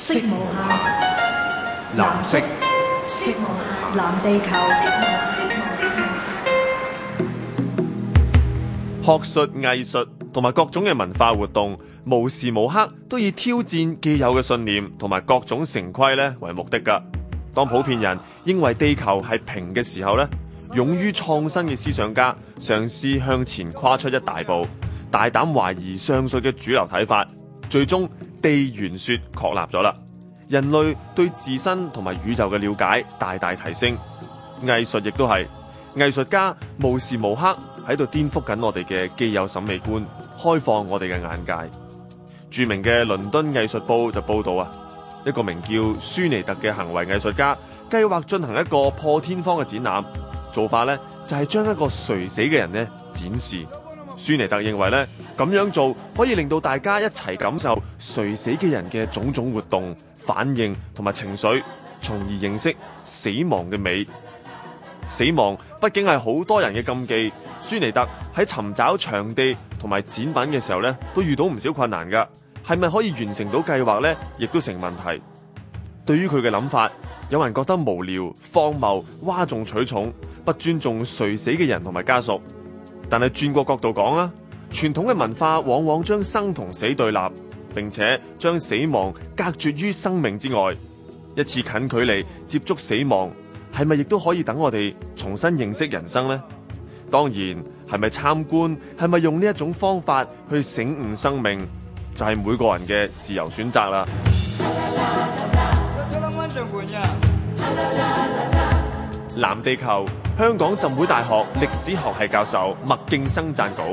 色無限，藍色，色無限，藍地球。學術、藝術同埋各種嘅文化活動，無時無刻都以挑戰既有嘅信念同埋各種成規咧，為目的噶。當普遍人認為地球係平嘅時候咧，勇於創新嘅思想家嘗試向前跨出一大步，大膽懷疑上述嘅主流睇法。最終地圓說確立咗啦，人類對自身同埋宇宙嘅了解大大提升。藝術亦都係藝術家無時無刻喺度顛覆緊我哋嘅既有審美觀，開放我哋嘅眼界。著名嘅倫敦藝術報就報道啊，一個名叫舒尼特嘅行為藝術家計劃進行一個破天荒嘅展覽，做法呢就係將一個垂死嘅人呢展示。舒尼特認為咧，咁樣做可以令到大家一齊感受垂死嘅人嘅種種活動、反應同埋情緒，從而認識死亡嘅美。死亡畢竟係好多人嘅禁忌。舒尼特喺尋找場地同埋展品嘅時候咧，都遇到唔少困難噶係咪可以完成到計劃咧，亦都成問題。對於佢嘅諗法，有人覺得無聊、荒謬、嘩眾取寵、不尊重垂死嘅人同埋家屬。但係轉過角度講啦，傳統嘅文化往往將生同死對立，並且將死亡隔絕於生命之外。一次近距離接觸死亡，係咪亦都可以等我哋重新認識人生呢？當然，係咪參觀，係咪用呢一種方法去醒悟生命，就係每個人嘅自由選擇啦。 藍地球，香港浸會大學歷史學系教授麥勁生撰稿。